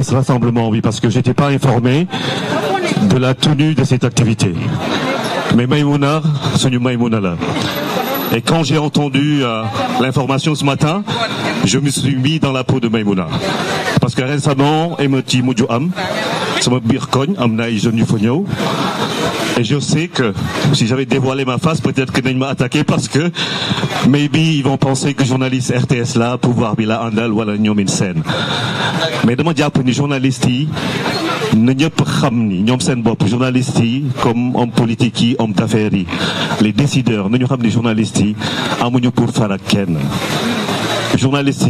Ce rassemblement, oui, parce que je n'étais pas informé de la tenue de cette activité. Mais Maïmouna, c'est Maïmouna là. Et quand j'ai entendu euh, l'information ce matin, je me suis mis dans la peau de Maïmouna. Parce que récemment, dit « Moudjouham sama biir koñ am et je sais que si j'avais dévoilé ma face peut-être que m'ont attaqué parce que maybe ils vont penser que journaliste RTS là pouvoir bila Andal, àndal wala ñoomin seen mais dama à ni journaliste yi na pas xam ni ñoom seen bopp journaliste yi comme homme politique homme d'affaires les décideurs nañu xam ni journaliste yi amuñu pour faire ken journalistes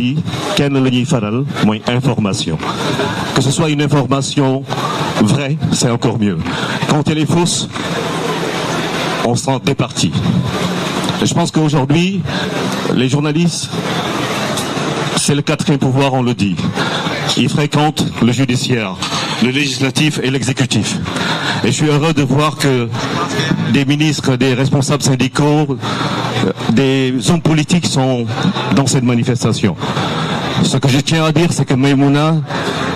qu'elle moins information que ce soit une information vraie c'est encore mieux quand elle est fausse on s'en départit je pense qu'aujourd'hui les journalistes c'est le quatrième pouvoir on le dit ils fréquentent le judiciaire le législatif et l'exécutif et je suis heureux de voir que des ministres des responsables syndicaux des hommes politiques sont dans cette manifestation. Ce que je tiens à dire, c'est que Maïmouna,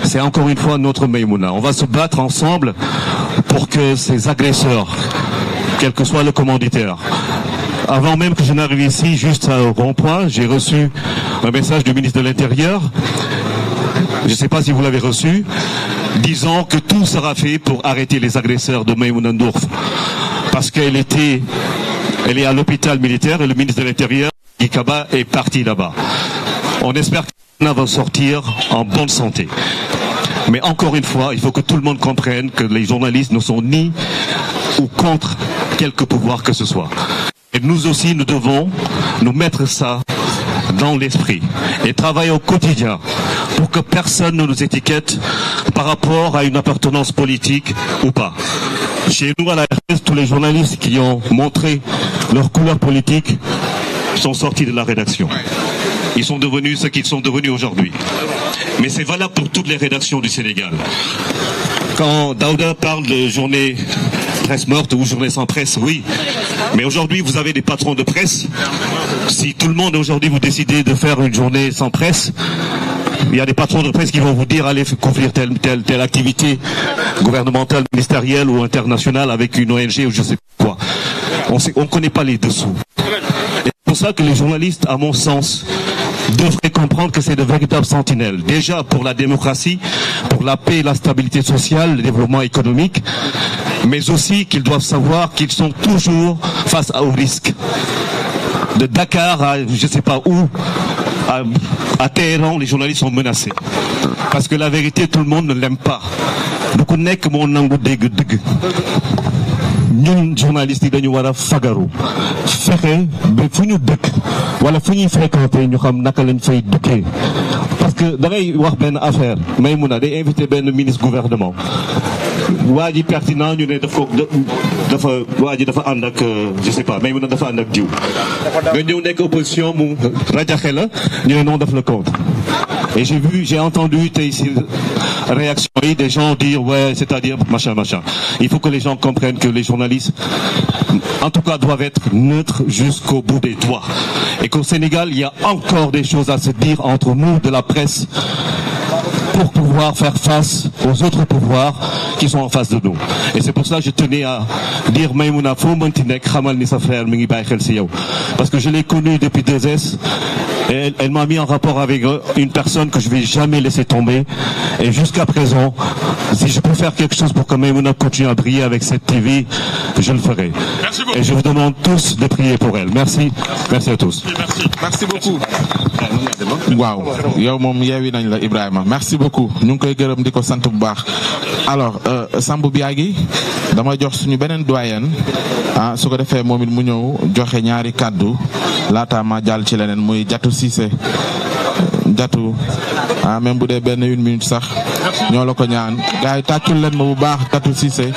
c'est encore une fois notre Maïmouna. On va se battre ensemble pour que ces agresseurs, quel que soit le commanditaire, avant même que je n'arrive ici, juste au rond-point, j'ai reçu un message du ministre de l'Intérieur, je ne sais pas si vous l'avez reçu, disant que tout sera fait pour arrêter les agresseurs de Maïmouna Ndourf. Parce qu'elle était elle est à l'hôpital militaire et le ministre de l'Intérieur, Ikaba, est parti là-bas. On espère qu'elle va sortir en bonne santé. Mais encore une fois, il faut que tout le monde comprenne que les journalistes ne sont ni ou contre quelque pouvoir que ce soit. Et nous aussi, nous devons nous mettre ça dans l'esprit et travailler au quotidien pour que personne ne nous étiquette par rapport à une appartenance politique ou pas. Chez nous, à la RS, tous les journalistes qui ont montré leurs couleurs politiques sont sortis de la rédaction. Ils sont devenus ce qu'ils sont devenus aujourd'hui. Mais c'est valable pour toutes les rédactions du Sénégal. Quand Daouda parle de journée presse morte ou journée sans presse, oui. Mais aujourd'hui, vous avez des patrons de presse. Si tout le monde aujourd'hui vous décidez de faire une journée sans presse, il y a des patrons de presse qui vont vous dire allez couvrir telle, telle, telle activité gouvernementale, ministérielle ou internationale avec une ONG ou je ne sais quoi on ne connaît pas les dessous. C'est pour ça que les journalistes, à mon sens, devraient comprendre que c'est de véritables sentinelles. Déjà pour la démocratie, pour la paix la stabilité sociale, le développement économique, mais aussi qu'ils doivent savoir qu'ils sont toujours face au risque. De Dakar à je ne sais pas où, à, Téhéran, les journalistes sont menacés. Parce que la vérité, tout le monde ne l'aime pas. que mon ñun journalistes dañu wara a fagaru fexe ba fu dëkk wala fu ñuy fréquenté ñu xam naka lañ fay dëkkee parce que da ngay wax ben affaire maymuna day invité ben ministre gouvernement waa pertinent ñu ne dafa dafa waa dafa and ak euh, je sais pas mais mu dafa and ak diw nga ñëw nekk opposition mu rajaxe la ñu né non daf contre et j'ai vu j'ai entendu des réactions des gens dire ouais c'est-à-dire machin machin il faut que les gens comprennent que les journalistes en tout cas doivent être neutres jusqu'au bout des doigts et qu'au Sénégal il y a encore des choses à se dire entre nous de la presse pour pouvoir faire face aux autres pouvoirs qui sont en face de nous. Et c'est pour ça que je tenais à dire Maïmouna Foumantinek, Khamal Mingi Parce que je l'ai connue depuis des S. Et elle, m'a mis en rapport avec euh, une personne que je vais jamais laisser tomber. Et jusqu'à présent, si je peux faire quelque chose pour que Maïmouna continue à prier avec cette TV, je le ferai. Et je vous demande tous de prier pour elle. Merci. Merci, à tous. Merci, merci beaucoup. waaw yow moom yeewi nañ la Ibrahima merci beaucoup ñu ngi koy gërëm di ko sant bu baax alors euh, Sambou gi dama jox suñu beneen doyen ah su ko defee moom it mu ñëw joxe ñaari kàddu laata ma jàll ci leneen muy Jatu Cissé Jatu ah même bu dee benn une minute sax ñoo la ko ñaan gars yi tàccul leen ma bu baax Jatu Cissé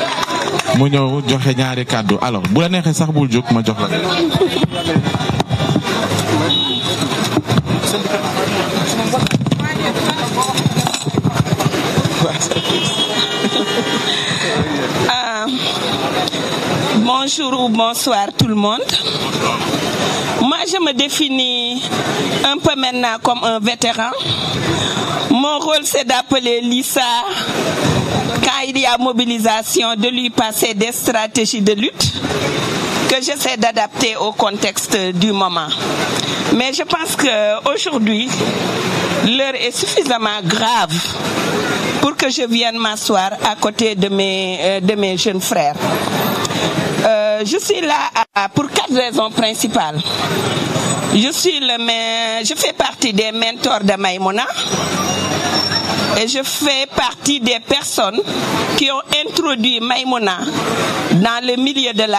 mu ñëw joxe ñaari kàddu alo bu la neexee sax bul jóg ma jox la. Euh, bonjour ou bonsoir tout le monde. Moi, je me définis un peu maintenant comme un vétéran. Mon rôle, c'est d'appeler Lisa quand il y a mobilisation, de lui passer des stratégies de lutte que j'essaie d'adapter au contexte du moment. Mais je pense qu'aujourd'hui, l'heure est suffisamment grave que je vienne m'asseoir à côté de mes, euh, de mes jeunes frères. Euh, je suis là pour quatre raisons principales. Je suis le je fais partie des mentors de Maïmona et je fais partie des personnes qui ont introduit Maïmona dans le milieu de la